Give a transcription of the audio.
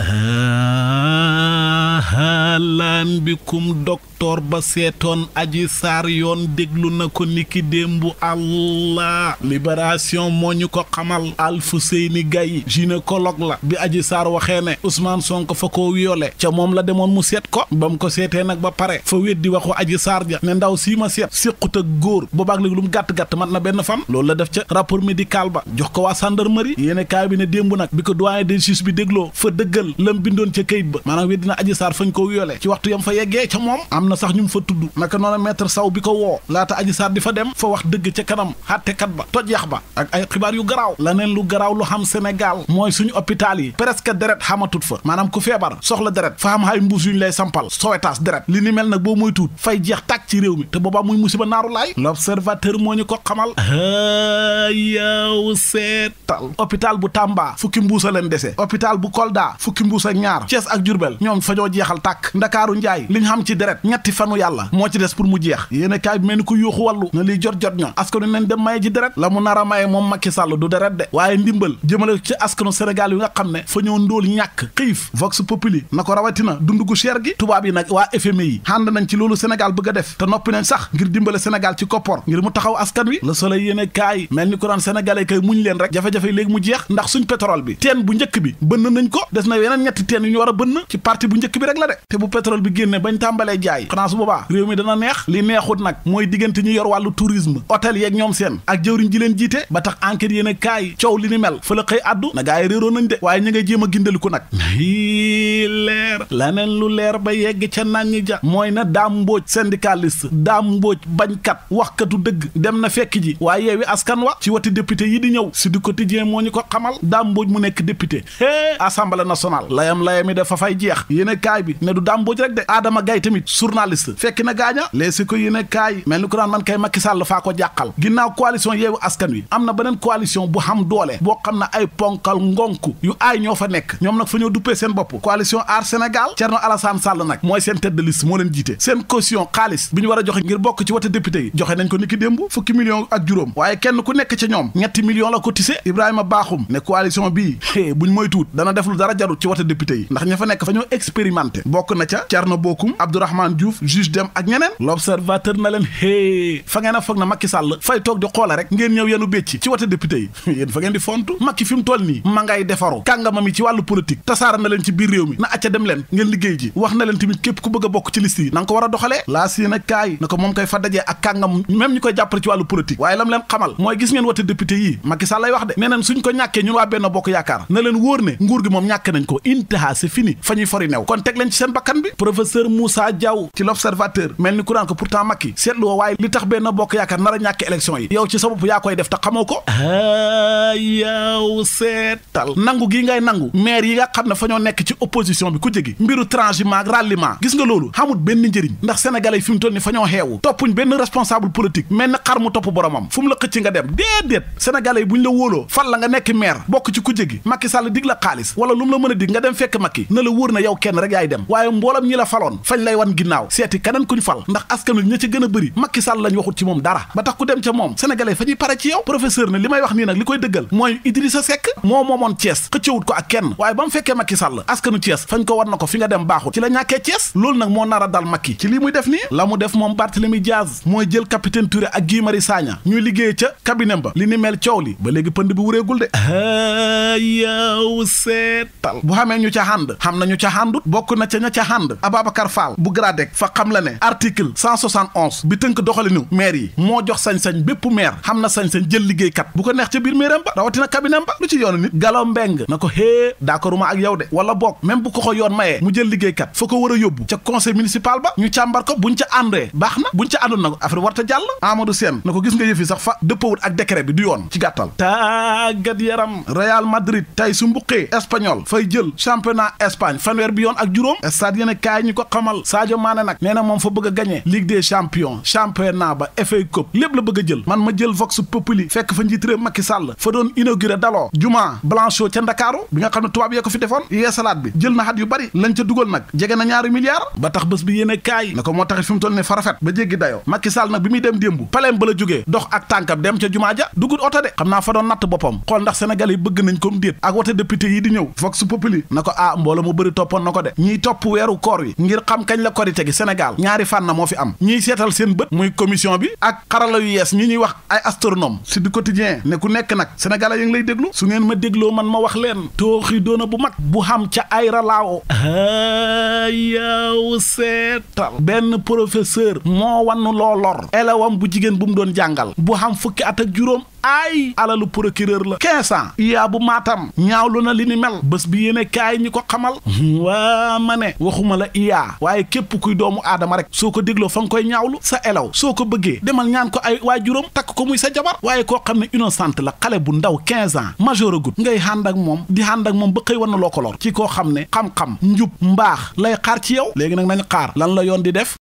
ah bikum docteur ba seetoon aji saar yoon déglu na ko niki démbu allah libération moo ñu ko xamal Alfousseyni Gaye gynécologue la bi aji saar waxee ne Ousmane Sonko fa ko wiyole ca moom la demoon mu seet ko ba mu ko seetee nag ba pare fa weddi waxu aji saar ja ne ndaw sii ma seet séqut góor boobaak léegi lu mu gàtt-gàtt mat na benn fan loolu la def ca rapport médical ba jox ko waa gendarmerie yéene kaay bi ne démb nag bi ko doyen de justice bi dégloo fa dëggal lam bindoon ca kayit ba maanaam weddi na aji saar fañ yeggee ca moom am na sax ñu fa tudd naka noonu maître saw bi ko woo laata aji saar di dem fa wax dëgg ca kanam xàttekat ba toj yax ba ak ay xibaar yu garaaw la neen lu garaaw lu xam Sénégal mooy suñu hôpital yi presque deret xamatut fa maanaam ku feebar soxla deret fa xam ay mbuus yuñ lay sampal soo sowetaas deret li ni mel nag boo moy fay jeex tàkk ci réew mi te boobaa muy musiba naaru laay l'observateur moo ñu ko xamal yow seetal hôpital bu Tamba fukki mbuus a leen dese bu Kolda fukki mbuus ak ñaar Thiès ak Diourbel ñoom fa jeexal tàkk Ndakaaru Njaay li ñu xam ci deret ñetti fanu yàlla moo ci des pour mu jeex yéen kaay bi mel ni ko yuuxu wàllu na liy jot jot ñoo askanu nañ dem maye ji deret la mu nar a maye moom Macky Sall du deret de waaye ndimbal jëmale ci askanu Sénégal yi nga xam ne fa ñoo ndóol ñàkk xiif vox populi na ko rawatina dund gu cher gi tubaab yi nag waa FMI yi ànd nañ ci loolu Sénégal bëgg a def te noppi nañ sax ngir dimbale Sénégal ci koppor ngir mu taxaw askan wi le soleil yéen kaay mel ni ko naan sénégalais kay muñ leen rek jafe-jafe teen bu njëkk bi ko des na yeneen ñetti teen yu ñu war a bënn ci la génne bañ tàmbalee jaay xanaa su boobaa réew mi dana neex li neexut nag mooy diggante ñu yor wàllu tourisme hôtel yeeg ñoom seen ak jëwriñ ji leen jiite ba tax enquête yéen a kaay coow li ni mel fa la xëy addu na gaa yi de waaye ñi nga gindaliku nag leer laneen lu leer ba yegg ca nañ ja mooy na daam mbooj syndicaliste daam mbooj bañkat waxkatu dëgg dem na fekk ji waaye yeewi askan wa ci wati député yi di ñëw si ko quotidien moo ñu ko xamal daam mbooj nekk député a kaay bi ne du Adama Gaye tamit journaliste fekk na gaaña les si ko yi kaay mel ni ko naan kay Macky Sall faa ko jàqal ginnaaw coalition yeewu askan wi am na beneen coalition bu xam doole boo xam ne ay ponkal ngonk yu aay ñoo fa nekk ñoom nag fa ñoo duppee seen bopp coalition Aar Sénégal Thierno Alassane Sall nag mooy seen tête de moo leen jiite seen caution xaalis bi ñu war a joxe ngir bokk ci wote député yi joxe nañ ko niki démb fukki million ak juróom bokkum Abdourahmane Diouf dem ak ñeneen l'observateur na leen hee fa ngeen a foog na Macky Sall fay toog di xoola rek ngeen ñëw yenu bécci ci wote député yi yéen fa ngeen di fontu Macky fi mu nii ma ngay defaru kàngamam yi ci wàllu politique tasaara na leen ci biir mi na acca dem leen ngeen liggéey ji wax na leen tamit képp ku bëgg bokk ci liste yi ko war a doxalee laa si na ko moom koy fa dajee ak kàngam même ñu koy jàppale ci wàllu politique professeur Moussa Diaw ci l'observateur mel ni ku naan ko pourtant Macky seetlu woo waaye li tax benn bokk yaakaar nar a ñàkk sa bopp yaa koy def te ko a ah, yow seetal nangu nangu maire yi xam ne fa ñoo nekk ci opposition bi ku jégi mbiru transhumance ralliement gis nga loolu xamul benn njëriñ ndax sénégalais fi mu toll ni fa ñoo xeewu toppuñ benn responsable politique mel ni xar mu topp boromam fu mu la xëcc nga dem déedéet sénégalais yi bu la wóoloo fal la nga nekk maire bokk ci ku jégi Macky Sall dig la xaalis wala lu la mën a dig nga dem fekk Macky na la wóor na yow kenn rek yaay dem waaye mboolam ñi la faloon fañ lay wan ginnaaw seeti keneen kuñ fal ndax askan wi ña ci gën a bëri Macky Sall lañ waxut ci moom dara ba tax ku dem ca moom sénégalais fa pare ci yow professeur ne li may wax nii nag li koy dëggal mooy Idrissa Seck moo moomoon Thiès xëccewut ko ak kenn waaye ba mu fekkee Macky Sall askanu Thiès fañ ko war na ko fi nga dem baaxut ci la ñàkkee Thiès loolu nag moo nar a dal Macky ci lii muy def nii la mu def moom Barthélemy Diaz mooy jël capitaine ba li ni mel ñu ca ànd xam nañu ca àndut bokk na ca ña ca Babacar Fall bu GRADEC fa xam la ne bi tënk doxalinu maire yi moo jox sañ bépp maire xam na sañ-sañ jël liggéeykat bu ko neex ca biir ba rawatina cabinet ba lu ci yoonu nit Gallo Mbeng na ko hee d'accorduma ak yow de wala boog même bu ko ko yoon mayee mu jël liggéeykat fa ko war a yóbbu ca conseil municipal ba ñu càmbar ko buñ ca àndee baax na buñ ca àndoon na ko na ko gis nga yëf yi sax fa dëppawut ak décret bi du yoon ci gàttal yaram Real Madrid xamal Sadio maane nag nee na moom fa bëgg a gagné Ligue des ba FA Cup lépp la bëgg a jël man ma jël Vox Populi fekk fa njiit réew Macky Sall fa doon inauguré daloo jumaa Blanchot ca Ndakaaru bi nga xam ne tubaab yee ko fi defoon yeesalaat bi jël na xat yu bari lañ ca dugal nag jege na ñaari milliards ba tax bés bi yéene kaay ne ko moo taxit fi mu toll ne farafet ba jéggi dayo Macky Sall nag bi muy dem démbu paleem ba la jógee dox ak tànkam dem ca jumaa ja dugul oto de fa doon natt boppam ndax Sénégal yi bëgg nañ ko déet ak wote yi di ñëw Vox Populi na ko ah mbooloo mu bëri toppoon na ko de ñiy topp weeru koor wi ngir ngir xam kañ la korite gi Sénégal ñaari fànna moo fi am ñuy seetal seen bët muy commission bi ak xarala yu yees ñi ñuy wax ay astronome si du quotidien ne ku nekk nag sénégalais yi ngi lay déglu su ngeen ma dégloo man ma wax leen tooxi doona bu mag bu xam ca ay ralaawo yaw seetal benn professeur moo wannu loo lor elewam bu jigéen bu mu doon jàngal bu xam fukki at ak juróom ay alalu procureur la quinze ans bu maatam ñaawlu na li ni mel bés bi yéene kaay ñi ko xamal hmm, waa ma ne waxuma la iyaa waaye képp kuy doomu aadama rek soo ko dégloo fa nga koy ñaawlu sa elaw soo ko bëggee demal ñaan ko ay waa juróom takk ko muy sa jabar waaye koo xam ne innocente la xale bu ndaw quinze ans majeur agut ngay xànd ak moom di xànd ak moom ba xëy na loo ko lor ci koo xam ne xam-xam njub mbaax lay xaar ci yow léegi nag nañ xaar lan la yoon di def